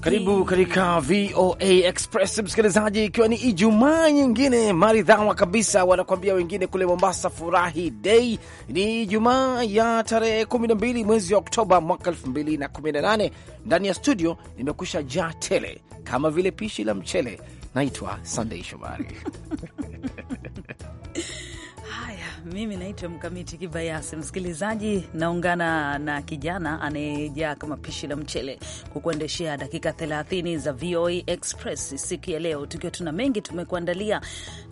Karibu katika VOA Express msikilizaji, ikiwa ni Ijumaa nyingine maridhawa kabisa, wanakuambia wengine kule Mombasa, furahi dei. Ni Ijumaa ya tarehe 12 mwezi wa Oktoba mwaka 2018. Ndani ya studio nimekusha jaa tele kama vile pishi la mchele. Naitwa sandei Shomari. Mimi naitwa Mkamiti Kibayasi. Msikilizaji, naungana na kijana anayejaa kama pishi la mchele kukuendeshea dakika 30 za VOA e Express siku ya leo, tukiwa tuna mengi tumekuandalia.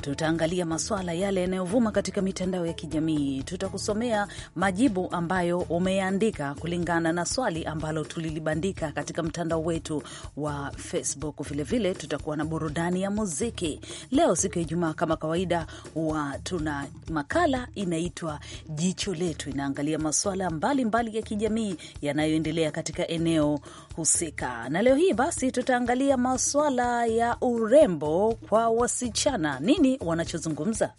Tutaangalia maswala yale yanayovuma katika mitandao ya kijamii, tutakusomea majibu ambayo umeandika kulingana na swali ambalo tulilibandika katika mtandao wetu wa Facebook. Vilevile tutakuwa na burudani ya muziki. Leo siku ya Ijumaa, kama kawaida, huwa tuna makala inaitwa Jicho Letu, inaangalia masuala mbalimbali ya kijamii yanayoendelea katika eneo husika. Na leo hii basi tutaangalia masuala ya urembo kwa wasichana, nini wanachozungumza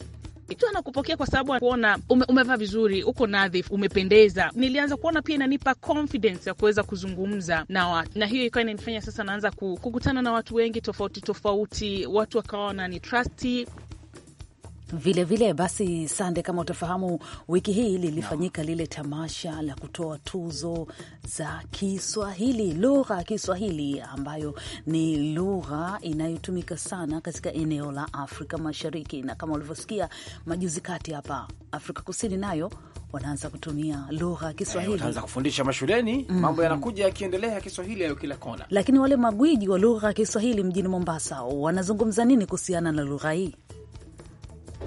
ikiwa anakupokea kwa sababu kuona ume, umevaa vizuri, uko nadhif, umependeza. Nilianza kuona pia inanipa confidence ya kuweza kuzungumza na watu, na hiyo ikawa inanifanya sasa naanza kukutana na watu wengi tofauti tofauti, watu wakawa wananitrust Vilevile vile, basi Sande, kama utafahamu, wiki hii lilifanyika lile tamasha la kutoa tuzo za Kiswahili, lugha ya Kiswahili ambayo ni lugha inayotumika sana katika eneo la Afrika Mashariki, na kama ulivyosikia majuzi kati hapa Afrika Kusini nayo wanaanza kutumia lugha ya eh, Kiswahili, wanaanza kufundisha mashuleni. mm -hmm. Mambo yanakuja yakiendelea ya Kiswahili hayo kila kona. Lakini wale magwiji wa lugha ya Kiswahili mjini Mombasa wanazungumza nini kuhusiana na lugha hii?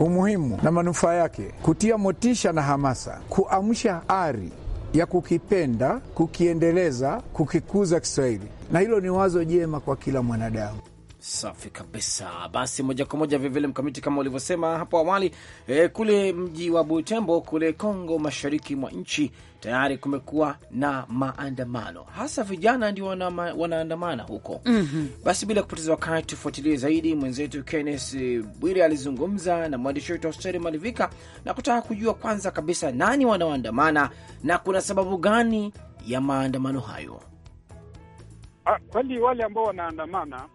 umuhimu na manufaa yake, kutia motisha na hamasa, kuamsha ari ya kukipenda, kukiendeleza, kukikuza Kiswahili, na hilo ni wazo jema kwa kila mwanadamu. Safi kabisa. Basi moja kwa moja vivile Mkamiti, kama ulivyosema hapo awali e, kule mji wa Butembo kule Kongo, mashariki mwa nchi, tayari kumekuwa na maandamano, hasa vijana ndio wana, wanaandamana huko mm -hmm. Basi bila kupoteza wakati tufuatilie zaidi. Mwenzetu Kennes Bwire alizungumza na mwandishi wetu Austeri Malivika na kutaka kujua kwanza kabisa nani wanaoandamana na kuna sababu gani ya maandamano hayo. Ah, kweli wale ambao wanaandamana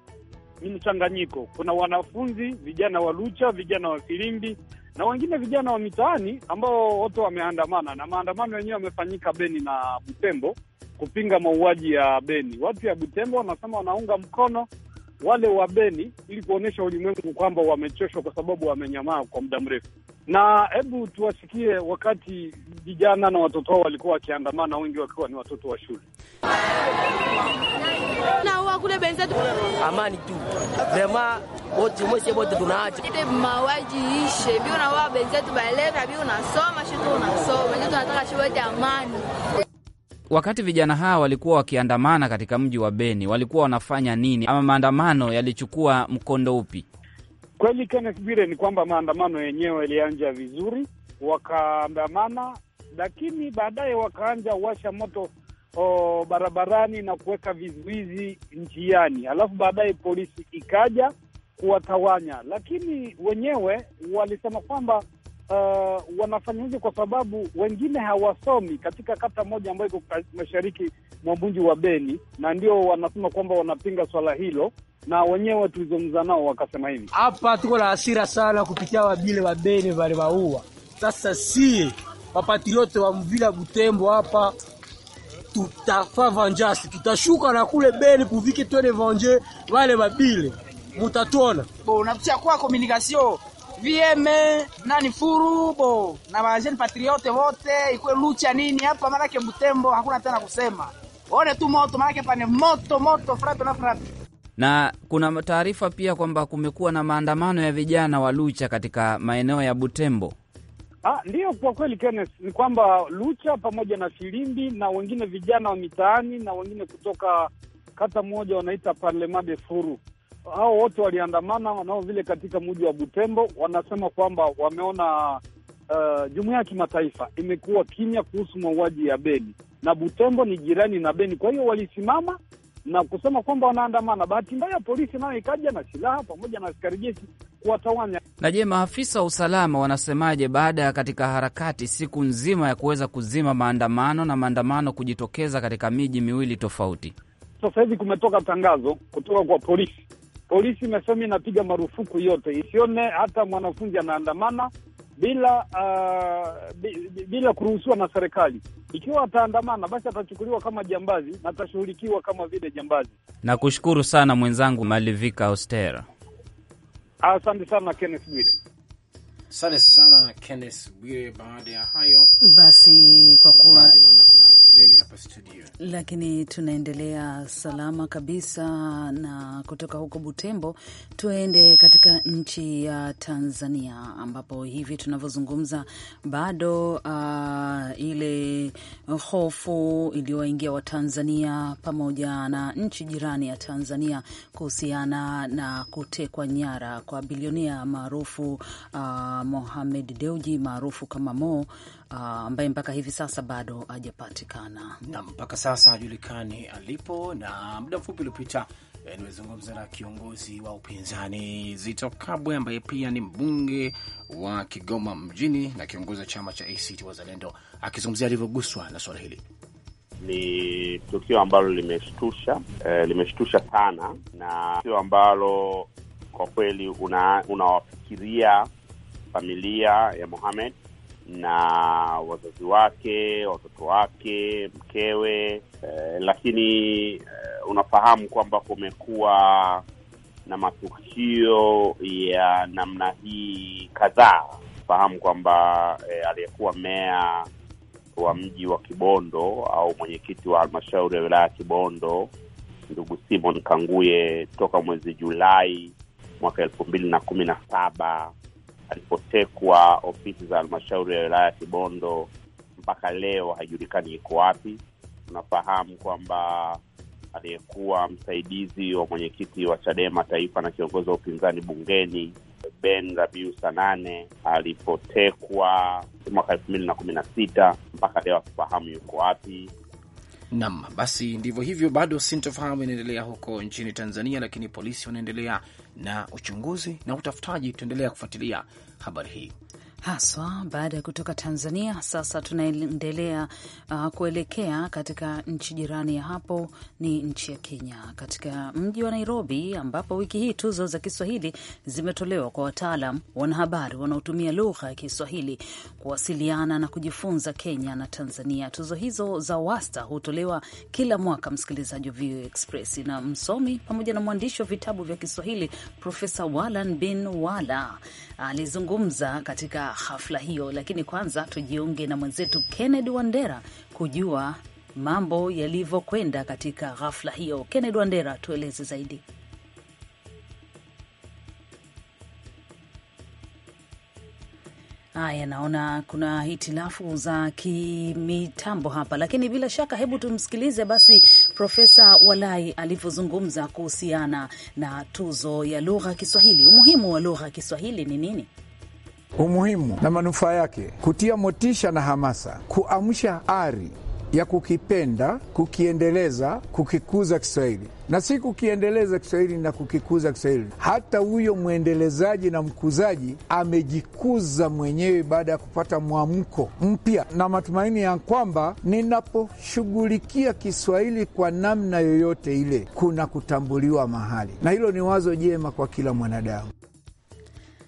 ni mchanganyiko. Kuna wanafunzi vijana wa Lucha, vijana wa Filimbi na wengine vijana wa mitaani ambao wote wameandamana, na maandamano yenyewe yamefanyika Beni na Butembo kupinga mauaji ya Beni. Watu ya Butembo wanasema wanaunga mkono wale wa Beni ili kuonyesha ulimwengu kwamba wamechoshwa, kwa sababu wamenyamaa kwa muda mrefu na hebu tuwasikie wakati vijana na watoto wao walikuwa wakiandamana, wengi wakiwa ni watoto wa shule. na kule benzetu amani tu vrema wote mwese wote tunaacha mawaji ishe bio na benzetu baeleka bio nasoma shitu unasoma ndio tunataka shiwete amani. Wakati vijana hawa walikuwa wakiandamana katika mji wa Beni, walikuwa wanafanya nini ama maandamano yalichukua mkondo upi? Kweli Kenneth Bwire, ni kwamba maandamano yenyewe yalianja vizuri, wakaandamana, lakini baadaye wakaanja washa moto o, barabarani na kuweka vizuizi njiani, alafu baadaye polisi ikaja kuwatawanya, lakini wenyewe walisema kwamba uh, wanafanya hivyo kwa sababu wengine hawasomi katika kata moja ambayo iko mashariki mwa mji wa Beni, na ndio wanasema kwamba wanapinga swala hilo, na wenyewe tulizungumza nao wakasema hivi, hapa tuko na hasira sana kupitia wabile wa Beni vale waua. Sasa sie wapatriote wa mvila Butembo hapa tutafa vanjasi, tutashuka na kule Beni kuvike twene vanje wale wabile, mutatuona bo unapitia kwa komunikasio VM na ni furubo na wajeni patriote wote, ikwe lucha nini hapa, manake Butembo hakuna tena kusema, one tu moto, manake pane moto moto, frape na frape. Na kuna taarifa pia kwamba kumekuwa na maandamano ya vijana wa lucha katika maeneo ya Butembo. Ah, ndiyo, kwa kweli Kenneth, ni kwamba lucha pamoja na filimbi na wengine vijana wa mitaani na wengine kutoka kata moja wanaita Parlement de Furu hao wote waliandamana nao vile katika mji wa Butembo, wanasema kwamba wameona uh, jumuiya ya kimataifa imekuwa kimya kuhusu mauaji ya Beni na Butembo ni jirani na Beni, kwa hiyo walisimama na kusema kwamba wanaandamana. Bahati mbaya polisi nayo ikaja na silaha pamoja na askari jeshi kuwatawanya. Na je, maafisa wa usalama wanasemaje baada ya katika harakati siku nzima ya kuweza kuzima maandamano na maandamano kujitokeza katika miji miwili tofauti? Sasa hivi kumetoka tangazo kutoka kwa polisi polisi imesema inapiga marufuku yote, isione hata mwanafunzi anaandamana bila uh, bila kuruhusiwa na serikali. Ikiwa ataandamana, basi atachukuliwa kama jambazi na atashughulikiwa kama vile jambazi. Nakushukuru sana mwenzangu Malivika Oster, Asante sana Kenneth Bwire. Asante sana Kenneth Bwire. Baada ya hayo basi, kwa kuwa kelele hapa studio, lakini tunaendelea salama kabisa. Na kutoka huko Butembo tuende katika nchi ya Tanzania, ambapo hivi tunavyozungumza bado uh, ile hofu iliyowaingia Watanzania pamoja na nchi jirani ya Tanzania kuhusiana na kutekwa nyara kwa bilionea maarufu uh, Mohamed Deuji maarufu kama Mo Ah, ambaye mpaka hivi sasa bado hajapatikana na mpaka sasa hajulikani alipo. Na muda mfupi uliopita eh, nimezungumza na kiongozi wa upinzani Zito Kabwe ambaye pia ni mbunge wa Kigoma mjini na kiongozi wa chama cha ACT Wazalendo, akizungumzia alivyoguswa na suala hili. Ni tukio ambalo limeshtusha eh, limeshtusha sana, na tukio ambalo kwa kweli unawafikiria una familia ya Mohamed na wazazi wake, watoto wake, mkewe eh, lakini eh, unafahamu kwamba kumekuwa na matukio ya namna hii kadhaa. Fahamu kwamba eh, aliyekuwa meya wa mji wa Kibondo au mwenyekiti wa halmashauri ya wilaya ya Kibondo ndugu Simon Kanguye toka mwezi Julai mwaka elfu mbili na kumi na saba alipotekwa ofisi za halmashauri ya wilaya ya Kibondo mpaka leo haijulikani iko wapi. Tunafahamu kwamba aliyekuwa msaidizi wa mwenyekiti wa Chadema Taifa na kiongozi wa upinzani bungeni Ben Rabiu Sanane alipotekwa mwaka elfu mbili na kumi na sita mpaka leo hakufahamu yuko wapi. Nam, basi ndivyo hivyo. Bado sintofahamu inaendelea huko nchini Tanzania, lakini polisi wanaendelea na uchunguzi na utafutaji. Tutaendelea kufuatilia habari hii haswa baada ya kutoka Tanzania. Sasa tunaendelea uh, kuelekea katika nchi jirani ya hapo, ni nchi ya Kenya, katika mji wa Nairobi, ambapo wiki hii tuzo za Kiswahili zimetolewa kwa wataalam wanahabari wanaotumia lugha ya Kiswahili kuwasiliana na kujifunza Kenya na Tanzania. Tuzo hizo za wasta hutolewa kila mwaka, msikilizaji wa VOA Express, na msomi pamoja na mwandishi wa vitabu vya Kiswahili Profesa Walan bin Wala alizungumza katika hafla hiyo. Lakini kwanza tujiunge na mwenzetu Kennedy Wandera kujua mambo yalivyokwenda katika hafla hiyo. Kennedy Wandera, tueleze zaidi. Haya, naona kuna hitilafu za kimitambo hapa, lakini bila shaka, hebu tumsikilize basi Profesa Walai alivyozungumza kuhusiana na tuzo ya lugha ya Kiswahili. Umuhimu wa lugha ya Kiswahili ni nini? Umuhimu na manufaa yake, kutia motisha na hamasa, kuamsha ari ya kukipenda, kukiendeleza, kukikuza Kiswahili na si kukiendeleza Kiswahili na kukikuza Kiswahili. Hata huyo mwendelezaji na mkuzaji amejikuza mwenyewe baada ya kupata mwamko mpya na matumaini ya kwamba ninaposhughulikia Kiswahili kwa namna yoyote ile, kuna kutambuliwa mahali, na hilo ni wazo jema kwa kila mwanadamu.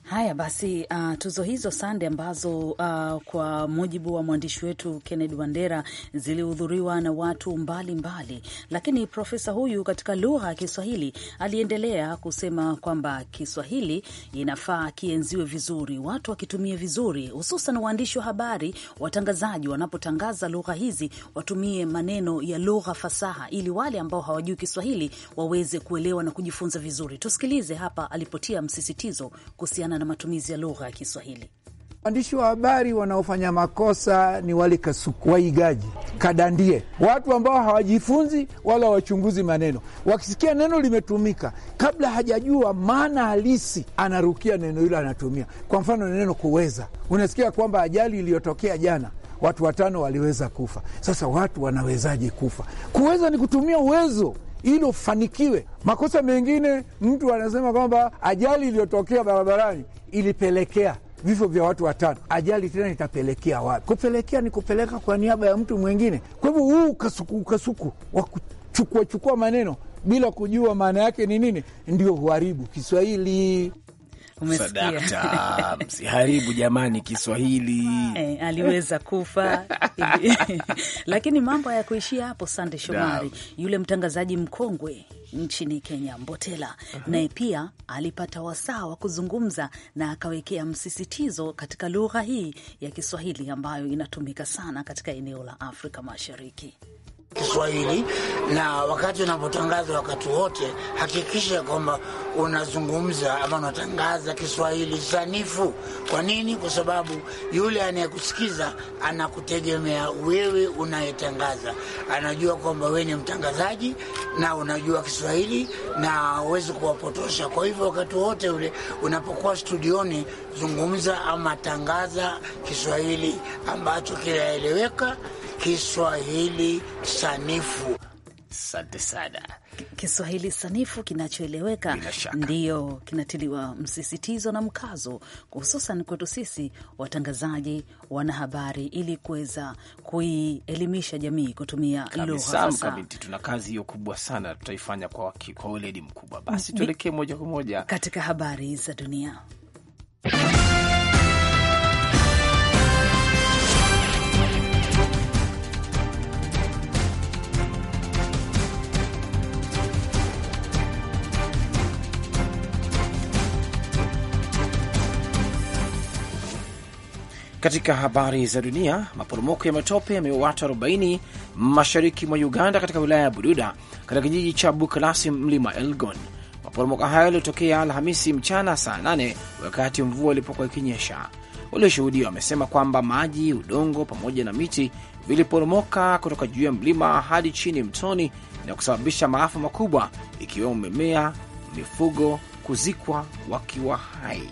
Haya basi, uh, tuzo hizo sande ambazo uh, kwa mujibu wa mwandishi wetu Kennedy Wandera zilihudhuriwa na watu mbalimbali mbali. Lakini profesa huyu katika lugha ya Kiswahili aliendelea kusema kwamba Kiswahili inafaa kienziwe vizuri, watu wakitumie vizuri, hususan waandishi wa habari, watangazaji wanapotangaza lugha hizi watumie maneno ya lugha fasaha, ili wale ambao hawajui Kiswahili waweze kuelewa na kujifunza vizuri. Tusikilize hapa alipotia msisitizo kuhusiana na matumizi ya lugha ya Kiswahili. Waandishi wa habari wanaofanya makosa ni wale kasuku, waigaji, kadandie, watu ambao hawajifunzi wala wachunguzi maneno. Wakisikia neno limetumika kabla hajajua maana halisi, anarukia neno hilo, anatumia. Kwa mfano, neno kuweza, unasikia kwamba ajali iliyotokea jana watu watano waliweza kufa. Sasa watu wanawezaje kufa? Kuweza ni kutumia uwezo ili ufanikiwe. Makosa mengine mtu anasema kwamba ajali iliyotokea barabarani ilipelekea vifo vya watu watano. Ajali tena itapelekea wapi? Kupelekea ni kupeleka kwa niaba ya mtu mwingine. Kwa hivyo huu ukasuku ukasuku wa kuchukuachukua maneno bila kujua maana yake ni nini, ndio huharibu Kiswahili. Sadakta, msiharibu jamani Kiswahili. Eh, aliweza kufa lakini mambo hayakuishia hapo. Sande Shomari, yule mtangazaji mkongwe nchini Kenya Mbotela uh -huh. Naye pia alipata wasaa wa kuzungumza na akawekea msisitizo katika lugha hii ya Kiswahili ambayo inatumika sana katika eneo la Afrika Mashariki. Kiswahili na wakati unapotangaza wakati wote hakikisha kwamba unazungumza ama unatangaza Kiswahili sanifu. Kwa nini? Kwa sababu yule anayekusikiza anakutegemea wewe unayetangaza, anajua kwamba wewe ni mtangazaji na unajua Kiswahili na huwezi kuwapotosha. Kwa hivyo wakati wote ule unapokuwa studioni, zungumza ama tangaza Kiswahili ambacho kinaeleweka Kiswahili sanifu. Asante sana. Kiswahili sanifu kinachoeleweka ndiyo kinatiliwa msisitizo na mkazo, hususan kwetu sisi watangazaji, wanahabari, ili kuweza kuielimisha jamii kutumia lugha. Tuna kazi hiyo kubwa sana, tutaifanya kwa, kwa weledi mkubwa. Basi tuelekee moja kwa moja katika habari za dunia. Katika habari za dunia, maporomoko ya matope yameua watu 40 mashariki mwa Uganda, katika wilaya ya Bududa, katika kijiji cha Bukalasi mlima Elgon. Maporomoko hayo yaliotokea Alhamisi mchana saa 8 wakati mvua ilipokuwa ikinyesha. Walioshuhudia wamesema kwamba maji, udongo pamoja na miti viliporomoka kutoka juu ya mlima hadi chini mtoni na kusababisha maafa makubwa, ikiwemo mimea, mifugo kuzikwa wakiwa hai.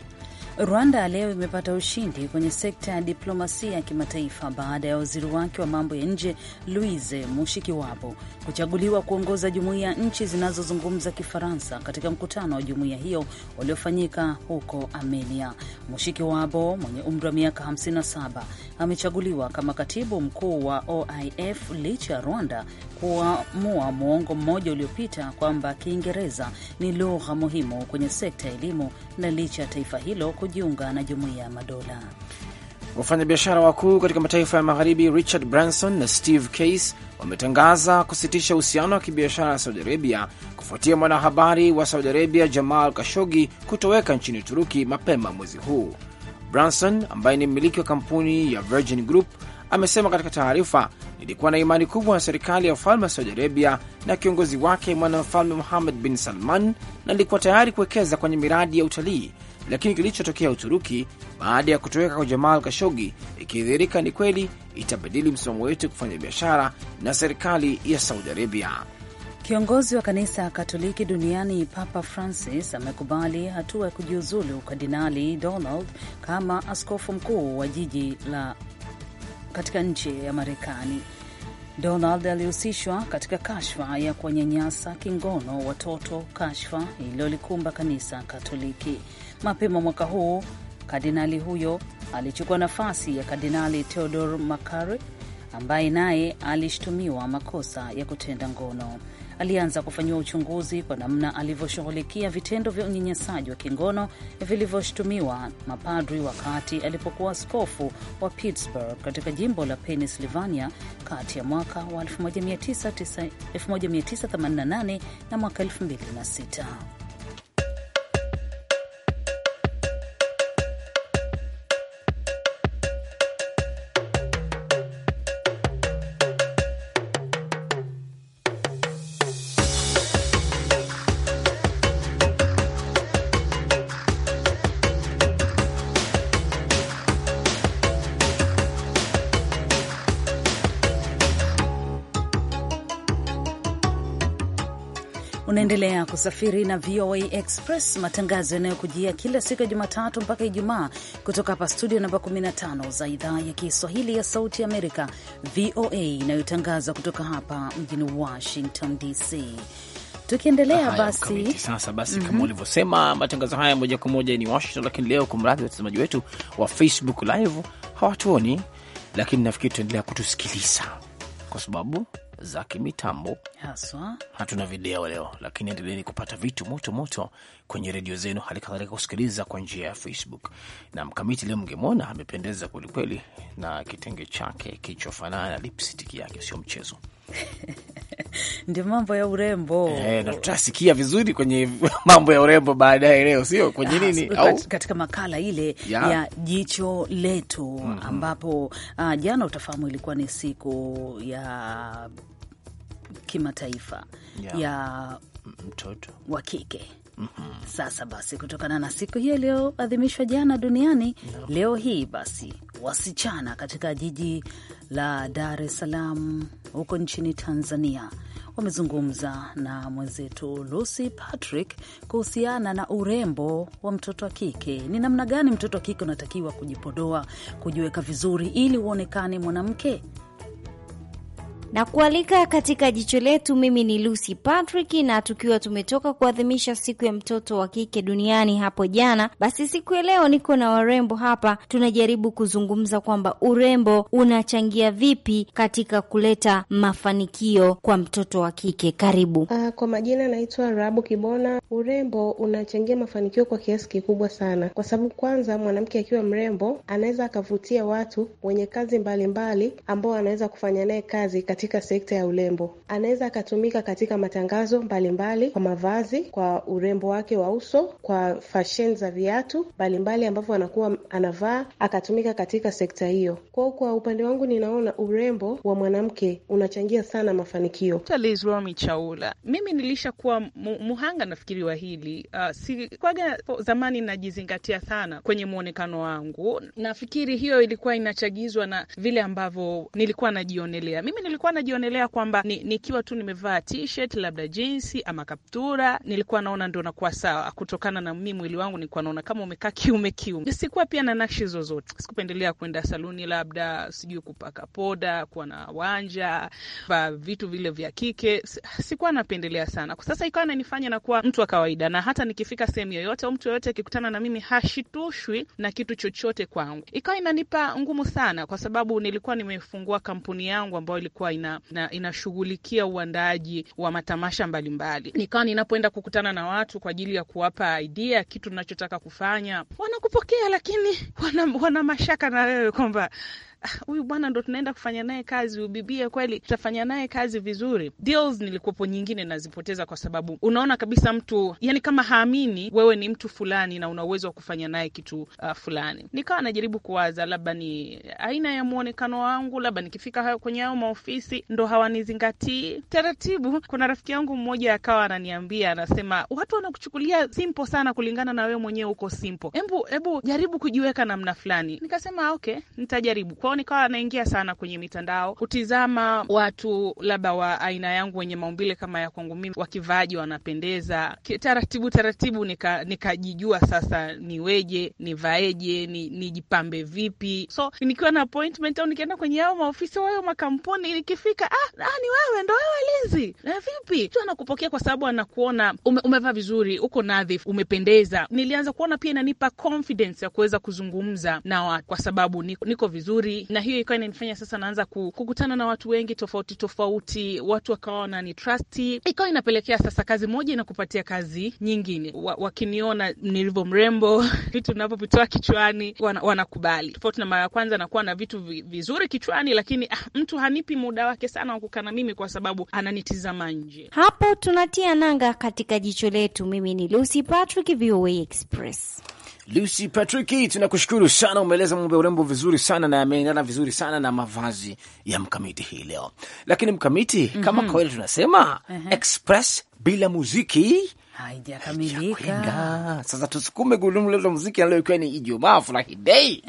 Rwanda leo imepata ushindi kwenye sekta ya diplomasia ya kimataifa baada ya waziri wake wa mambo ya nje Louise Mushikiwabo kuchaguliwa kuongoza jumuiya ya nchi zinazozungumza Kifaransa katika mkutano wa jumuiya hiyo uliofanyika huko Armenia. Mushikiwabo mwenye umri wa miaka 57 amechaguliwa kama katibu mkuu wa OIF licha ya Rwanda kuamua muongo mmoja uliopita kwamba Kiingereza ni lugha muhimu kwenye sekta ya elimu na licha ya taifa hilo kujiunga na jumuiya ya madola. Wafanyabiashara wakuu katika mataifa ya magharibi Richard Branson na Steve Case wametangaza kusitisha uhusiano wa kibiashara na Saudi Arabia kufuatia mwanahabari wa Saudi Arabia Jamal Kashogi kutoweka nchini Uturuki mapema mwezi huu. Branson ambaye ni mmiliki wa kampuni ya Virgin Group amesema katika taarifa nilikuwa na imani kubwa na serikali ya ufalme wa Saudi Arabia na kiongozi wake mwanamfalme Muhammad bin Salman na lilikuwa tayari kuwekeza kwenye miradi ya utalii, lakini kilichotokea Uturuki baada ya kutoweka kwa Jamal Kashogi ikidhihirika ni kweli itabadili msimamo wetu kufanya biashara na serikali ya Saudi Arabia. Kiongozi wa kanisa Katoliki duniani Papa Francis amekubali hatua ya kujiuzulu Kardinali Donald kama askofu mkuu wa jiji la katika nchi ya Marekani. Donald alihusishwa katika kashfa ya kuwanyanyasa kingono watoto, kashfa iliyolikumba kanisa Katoliki. Mapema mwaka huu kardinali huyo alichukua nafasi ya Kardinali Theodore Makare ambaye naye alishtumiwa makosa ya kutenda ngono alianza kufanyiwa uchunguzi kwa namna alivyoshughulikia vitendo vya unyanyasaji wa kingono vilivyoshutumiwa mapadri wakati alipokuwa askofu wa Pittsburgh katika jimbo la Pennsylvania kati ya mwaka wa 1988 na mwaka 2006. kusafiri na VOA Express, matangazo yanayokujia kila siku ya Jumatatu mpaka Ijumaa kutoka hapa studio namba 15 za idhaa ya Kiswahili ya Sauti Amerika, VOA, inayotangaza kutoka hapa mjini Washington DC. Tukiendelea basi sasa basi, mm -hmm. kama ulivyosema matangazo haya moja kwa moja ni Washington, lakini leo kumradhi watazamaji wetu wa Facebook live hawatuoni, lakini nafikiri tutaendelea kutusikiliza kwa sababu za kimitambo haswa. Hatuna video leo, lakini endeleni kupata vitu moto moto kwenye redio zenu, hali kadhalika kusikiliza kwa njia ya Facebook. Na mkamiti leo mngemwona amependeza kwelikweli na kitenge chake kichofanana na lipstick yake, sio mchezo. Ndio mambo ya urembo e, na tutasikia vizuri kwenye mambo ya urembo baadaye leo, sio kwenye ah, nini au katika makala ile ya, ya jicho letu mm -hmm. ambapo uh, jana utafahamu ilikuwa ni siku ya kimataifa ya, ya mtoto wa kike -hmm. Sasa basi, kutokana na siku hiyo iliyoadhimishwa jana duniani no. Leo hii basi wasichana katika jiji la Dar es Salaam huko nchini Tanzania wamezungumza na mwenzetu Lucy Patrick kuhusiana na urembo wa mtoto wa kike. Ni namna gani mtoto wa kike unatakiwa kujipodoa, kujiweka vizuri ili uonekane mwanamke na kualika katika jicho letu. Mimi ni Lucy Patrick, na tukiwa tumetoka kuadhimisha siku ya mtoto wa kike duniani hapo jana, basi siku ya leo niko na warembo hapa, tunajaribu kuzungumza kwamba urembo unachangia vipi katika kuleta mafanikio kwa mtoto wa kike. Karibu. Uh, kwa majina anaitwa rabu Kibona. Urembo unachangia mafanikio kwa kiasi kikubwa sana, kwa sababu kwanza mwanamke akiwa mrembo anaweza akavutia watu wenye kazi mbalimbali ambao anaweza kufanya naye kazi katika sekta ya urembo. Anaweza akatumika katika matangazo mbalimbali, kwa mavazi, kwa urembo wake wa uso, kwa fashion za viatu mbalimbali ambavyo anakuwa anavaa, akatumika katika sekta hiyo. Kwao kwa upande wangu, ninaona urembo wa mwanamke unachangia sana mafanikio. Liz Chaula, mimi nilishakuwa mu, muhanga nafikiri wa hili uh, si kwaga zamani, najizingatia sana kwenye mwonekano wangu. Nafikiri hiyo ilikuwa inachagizwa na vile ambavyo nilikuwa najionelea mimi nilikuwa nilikuwa najionelea kwamba nikiwa ni, tu nimevaa t-shirt labda jinsi ama kaptura, nilikuwa naona ndo nakuwa sawa, kutokana na mimi mwili wangu nilikuwa naona kama umekaa kiume kiume. Sikuwa pia na nakshi zozote, sikupendelea kwenda saluni, labda sijui kupaka poda, kuwa na wanja va vitu vile vya kike, sikuwa napendelea sana. Sasa ikawa nanifanya nakuwa mtu wa kawaida, na hata nikifika sehemu yoyote au mtu yoyote akikutana na mimi hashitushwi na kitu chochote kwangu. Ikawa inanipa ngumu sana, kwa sababu nilikuwa nimefungua kampuni yangu ambayo ilikuwa ina, ina, inashughulikia uandaaji wa matamasha mbalimbali. Nikawa ninapoenda kukutana na watu kwa ajili ya kuwapa idea kitu tunachotaka kufanya, wanakupokea lakini wana, wana mashaka na wewe kwamba huyu bwana ndo tunaenda kufanya naye kazi, ubibie kweli, tutafanya naye kazi vizuri. Deals nilikuwepo nyingine nazipoteza kwa sababu unaona kabisa mtu yani kama haamini wewe ni mtu fulani na una uwezo wa kufanya naye kitu uh, fulani. Nikawa najaribu kuwaza labda ni aina ya mwonekano wangu, labda nikifika kwenye hayo maofisi ndo hawanizingatii. Taratibu, kuna rafiki yangu mmoja akawa ananiambia, anasema watu wanakuchukulia simple sana kulingana na wewe mwenyewe uko simple. Hebu hebu jaribu kujiweka namna fulani. Nikasema ah, okay, nitajaribu kwao, nikawa naingia sana kwenye mitandao kutizama watu labda wa aina yangu wenye maumbile kama ya kwangu mimi, wakivaaji wanapendeza taratibu taratibu, nikajijua nika sasa niweje, nivaeje, nijipambe ni vipi. So nikiwa na appointment au nikienda kwenye ao maofisi wayo makampuni, nikifika ah, ah, ni wewe ndo wewe Lizi, na vipi tu anakupokea kwa sababu anakuona ume, umevaa vizuri, uko nadhifu, umependeza. Nilianza kuona pia inanipa confidence ya kuweza kuzungumza na watu kwa sababu niko, niko vizuri na hiyo ikawa inanifanya sasa naanza kukutana na watu wengi tofauti tofauti, watu wakawa wanani trust, ikawa inapelekea sasa kazi moja inakupatia kazi nyingine. Wakiniona wa nilivyo mrembo, vitu navyovitoa kichwani wanakubali, wana tofauti na mara ya kwanza nakuwa na vitu vizuri kichwani, lakini ah, mtu hanipi muda wake sana wa kukaa na mimi kwa sababu ananitizama nje. Hapo tunatia nanga katika jicho letu. Mimi ni Lucy Patrick, VOA Express. Lucy Patrick, tunakushukuru sana, umeeleza mambo ya urembo vizuri sana na yameendana vizuri sana na mavazi ya mkamiti hii leo. Lakini mkamiti, mm -hmm. kama mhm. kawaida tunasema mm -hmm. express bila muziki haijakamilika. Sasa tusukume gurudumu leo la muziki leo, ikiwa ni Ijumaa furahi dei.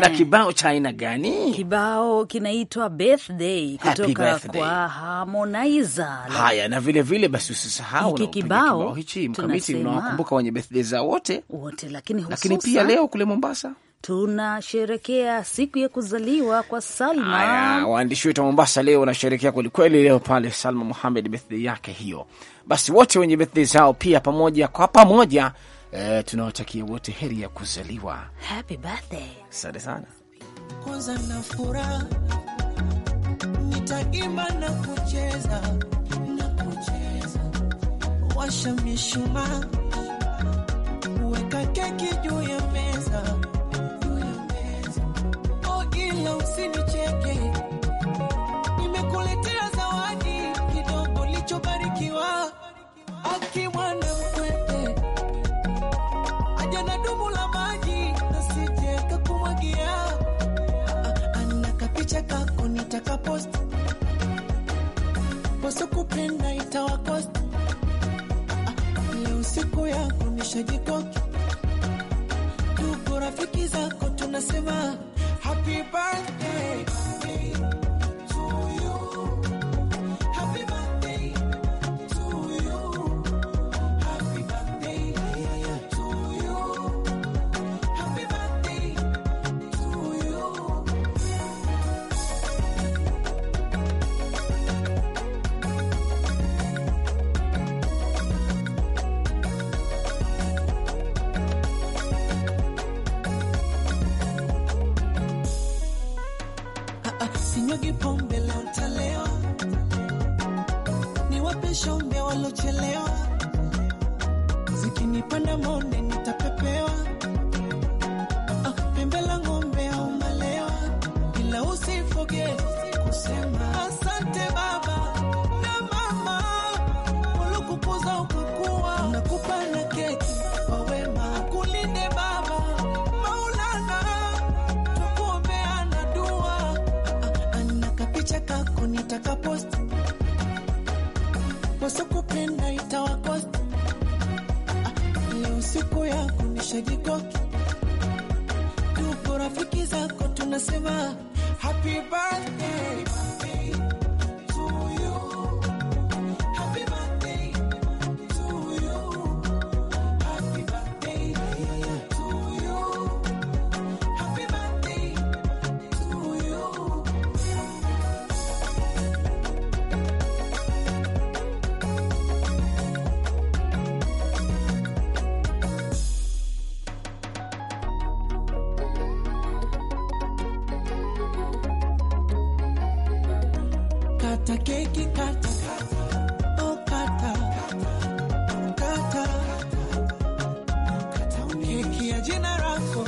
Na kibao cha aina gani? Kibao kinaitwa birthday kutoka birthday kwa Harmonizer. Haya, na vile vile basi usisahau hiki kibao hichi, mkamiti unawakumbuka wenye birthday za wote wote, lakini lakini pia leo kule Mombasa tunasherekea siku ya kuzaliwa kwa Salma. Waandishi wetu wa Mombasa leo wanasherekea kwelikweli leo pale Salma Muhamed, birthday yake hiyo. Basi wote wenye birthday zao pia pamoja kwa pamoja eh, tunawatakia wote heri ya kuzaliwa, happy birthday. Asante sana kwanza na furaha nitaimba na kucheza na kucheza, washa weka keki juu ya meza ila usinicheke. Nimekuletea zawadi kidogo lichobarikiwa, aki mwana mkwete aja na dumu la maji nasije kakumwagia. Ana kapicha kako nitakapost poso kupenda itawakost. Leo siku yako nishajikoki, ndugu rafiki zako tunasema happy birthday. kata keki kata oh kata kata keki ya jina lako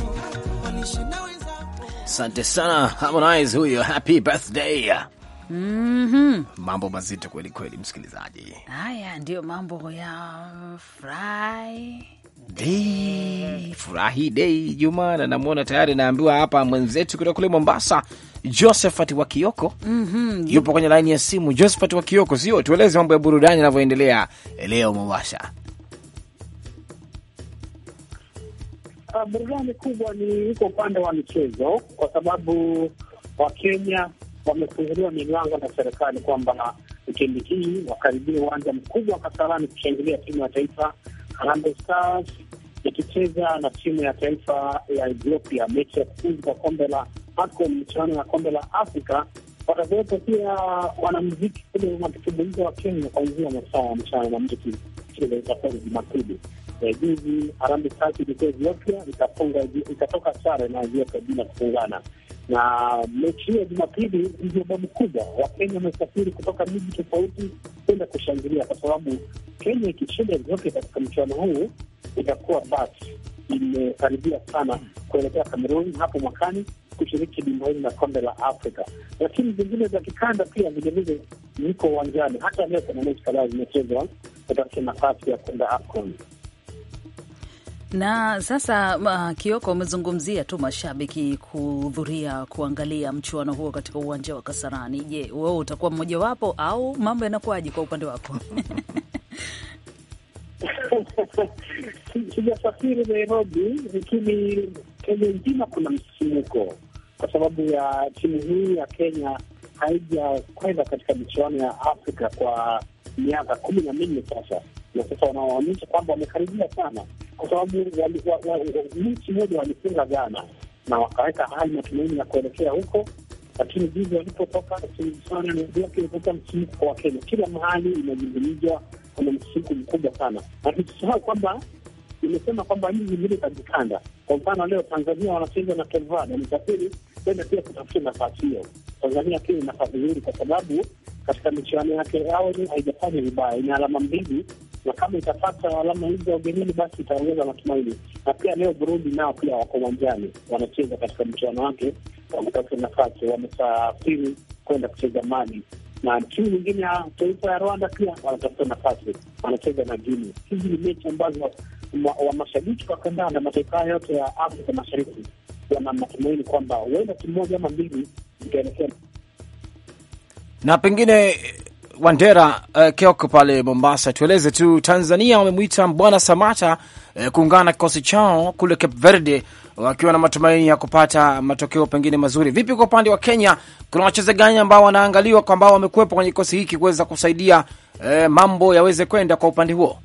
walishinda wenzako. Asante sana Harmonize, huyo happy birthday. Mm -hmm. Mambo mazito kweli kweli, msikilizaji. Haya ndiyo mambo ya fry day, furahi day Juma, na namwona tayari naambiwa hapa mwenzetu kutoka kule Mombasa Josephat wa Kioko mm -hmm. yupo kwenye laini ya simu. Josephat wa Kioko, sio tueleze mambo ya burudani yanavyoendelea leo Mombasa. Uh, ah, burudani kubwa ni iko upande wa michezo, kwa sababu Wakenya wamefunguliwa milango na serikali kwamba wikendi hii wakaribia uwanja mkubwa wa Kasarani kushangilia timu ya taifa Harambee Stars ikicheza na timu ya taifa ya Ethiopia mechi ya kufuzu kwa kombe la AFCON, michuano ya kombe la Afrika, watakuwepo pia wanamziki kule wakitumbuiza wa Kenya kuanzia masaa ya mchana na mziki kile itakuwa Jumapili. Juzi Harambee Stars ilikuwa Ethiopia, ikatoka sare na Ethiopia bila kufungana na mechi hiyo Jumapili ndio babu kubwa. Wakenya wamesafiri kutoka miji tofauti kwenda kushangilia, kwa sababu Kenya ikishinda Ethiopia katika mchuano huu itakuwa basi imekaribia sana kuelekea Kamerun hapo mwakani kushiriki dimbani na kombe la Afrika, lakini zingine za kikanda pia vilevile ziko uwanjani. Hata leo kuna mechi kadhaa zimechezwa kutafuta nafasi ya kwenda AFCON na sasa uh, Kioko, umezungumzia tu mashabiki kuhudhuria kuangalia mchuano huo katika uwanja wa Kasarani. Je, wewe utakuwa mmojawapo au mambo yanakuwaje kwa upande wako? Sijasafiri Nairobi, lakini Kenya nzima kuna msisimuko kwa sababu ya timu hii ya Kenya haijakwenda katika michuano ya Afrika kwa miaka kumi na minne sasa, na sasa wanaonyesha kwamba wamekaribia sana, kwa sababu mechi moja walifunga Ghana na wakaweka hali matumaini ya kuelekea huko, lakini jizi walipotoka sana msimuko wa Kenya, kila mahali inazungumzwa, kuna msimko mkubwa sana, na tusisahau kwamba imesema kwamba nchi zingine za kikanda, kwa mfano leo Tanzania wanacheza na ni wamesafiri kwenda pia kutafuta nafasi hiyo. Tanzania pia ina nafasi nzuri, kwa sababu katika michuano yake awali haijafanya vibaya, ina alama mbili, na kama itapata alama hizi za ugenini, basi itaongeza matumaini. Na pia leo Burundi nao pia wako uwanjani, wanacheza katika mchuano wake wa kutafuta nafasi, wamesafiri kwenda kucheza Mali na timu nyingine ya taifa ya Rwanda pia wanatafuta nafasi, wanacheza na Guinea. Hizi ni mechi ambazo wa mashabiki wa kandanda mataifa yote ya Afrika Mashariki wana matumaini kwamba huenda timu moja ama mbili ikaelekea na pengine Wandera uh, eh, Keoko pale Mombasa, tueleze tu, Tanzania wamemwita Mbwana Samata uh, eh, kuungana na kikosi chao kule Cape Verde wakiwa na matumaini ya kupata matokeo pengine mazuri. Vipi kwa upande wa Kenya, kuna wacheze gani ambao wanaangaliwa kwamba wamekuwepo kwenye kikosi hiki kuweza kusaidia uh, mambo yaweze kwenda kwa upande huo?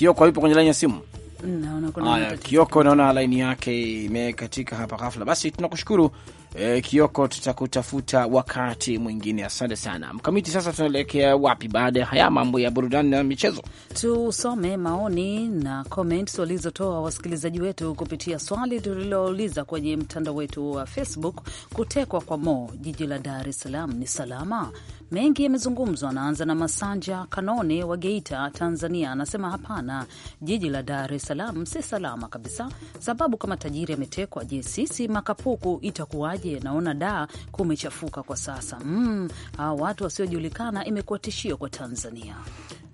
Kioko yupo kwenye laini ya simu. Mm, haya, Kioko naona laini yake imekatika hapa ghafla. Basi tunakushukuru e, Kioko, tutakutafuta wakati mwingine. Asante sana Mkamiti. Sasa tunaelekea wapi baada ya haya mambo ya burudani na michezo? Tusome maoni na comments walizotoa wasikilizaji wetu kupitia swali tulilouliza kwenye mtandao wetu wa Facebook. Kutekwa kwa Mo jiji la Dar es Salaam ni salama? Mengi yamezungumzwa. Naanza na Masanja Kanone wa Geita, Tanzania, anasema hapana, jiji la Dar es Salaam si salama kabisa, sababu kama tajiri ametekwa, je, sisi makapuku itakuwaje? Naona daa kumechafuka kwa sasa. Mm, hawa watu wasiojulikana imekuwa tishio kwa Tanzania.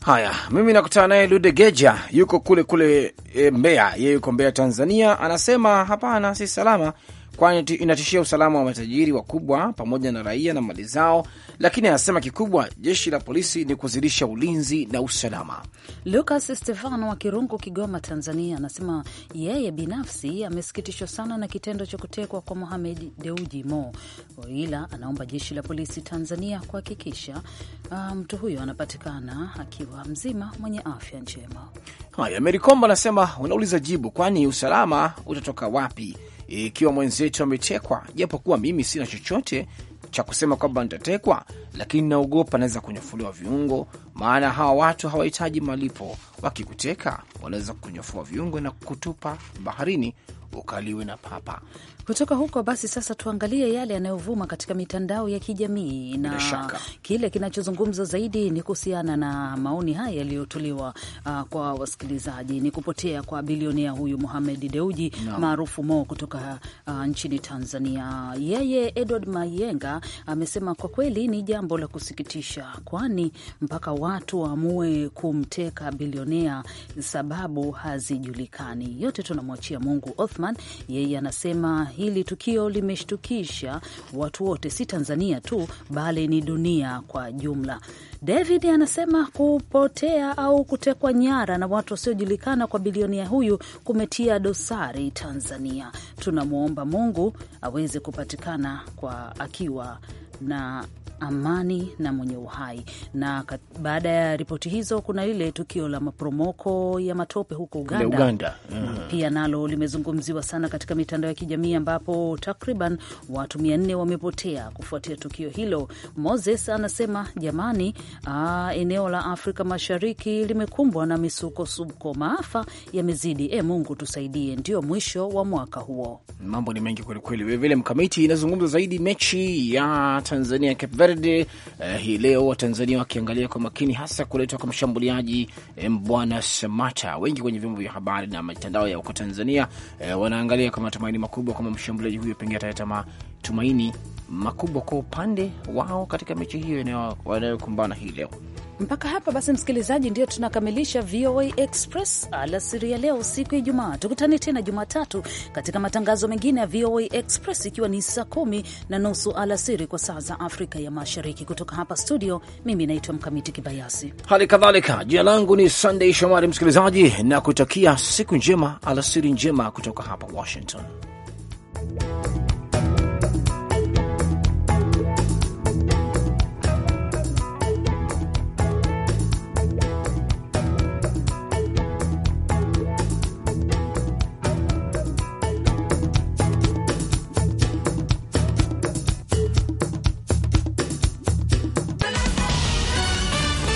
Haya, mimi nakutana naye Ludegeja, yuko kule kule e, Mbeya. Yeye yuko Mbeya, Tanzania, anasema hapana, si salama kwani inatishia usalama wa matajiri wakubwa pamoja na raia na mali zao, lakini anasema kikubwa jeshi la polisi ni kuzidisha ulinzi na usalama. Lucas Stefano wa Kirungu, Kigoma, Tanzania, anasema yeye binafsi amesikitishwa sana na kitendo cha kutekwa kwa Mohamed Deuji Mo, ila anaomba jeshi la polisi Tanzania kuhakikisha ah, mtu um, huyo anapatikana akiwa mzima mwenye afya njema. Haya, Merikombo anasema unauliza jibu, kwani usalama utatoka wapi? ikiwa mwenzetu ametekwa, japokuwa mimi sina chochote cha kusema kwamba nitatekwa, lakini naogopa naweza kunyofuliwa viungo, maana hawa watu hawahitaji malipo. Wakikuteka wanaweza kunyofua viungo na kutupa baharini ukaliwe na papa. Kutoka huko basi, sasa tuangalie yale yanayovuma katika mitandao ya kijamii, na kile kinachozungumza zaidi ni kuhusiana na maoni haya yaliyotolewa uh, kwa wasikilizaji, ni kupotea kwa bilionea huyu Mohamed Deuji no. maarufu Mo kutoka uh, nchini Tanzania. Yeye Edward Mayenga amesema kwa kweli ni jambo la kusikitisha, kwani mpaka watu waamue kumteka bilionea, sababu hazijulikani. Yote tunamwachia Mungu. Othman yeye anasema hili tukio limeshtukisha watu wote, si Tanzania tu, bali ni dunia kwa jumla. David anasema kupotea au kutekwa nyara na watu wasiojulikana kwa bilionia huyu kumetia dosari Tanzania. Tunamwomba Mungu aweze kupatikana kwa akiwa na amani na mwenye uhai. Na baada ya ripoti hizo, kuna lile tukio la maporomoko ya matope huko Uganda, Uganda. Mm, mm. Pia nalo limezungumziwa sana katika mitandao ya kijamii ambapo takriban watu mia nne wamepotea kufuatia tukio hilo. Moses anasema jamani, aa, eneo la Afrika Mashariki limekumbwa na misukosuko, maafa yamezidi. E Mungu tusaidie, ndio mwisho wa mwaka huo. Mambo ni mengi kwelikweli. Vilevile mkamiti inazungumza zaidi mechi ya Tanzania Cape Verde eh, hii leo Watanzania wakiangalia kwa makini hasa kuletwa kwa mshambuliaji eh, Mbwana Samata. Wengi kwenye vyombo vya habari na mitandao ya uko Tanzania eh, wanaangalia kwa matumaini makubwa kama mshambuliaji huyo pengine ataleta matumaini makubwa kwa upande wao katika mechi hiyo wanayokumbana hii leo. Mpaka hapa basi, msikilizaji, ndio tunakamilisha VOA Express alasiri ya leo, siku ya Ijumaa. Tukutane tena Jumatatu katika matangazo mengine ya VOA Express, ikiwa ni saa kumi na nusu alasiri kwa saa za Afrika ya Mashariki. Kutoka hapa studio, mimi naitwa Mkamiti Kibayasi, hali kadhalika jina langu ni Sunday Shomari. Msikilizaji, na kutakia siku njema, alasiri njema, kutoka hapa Washington.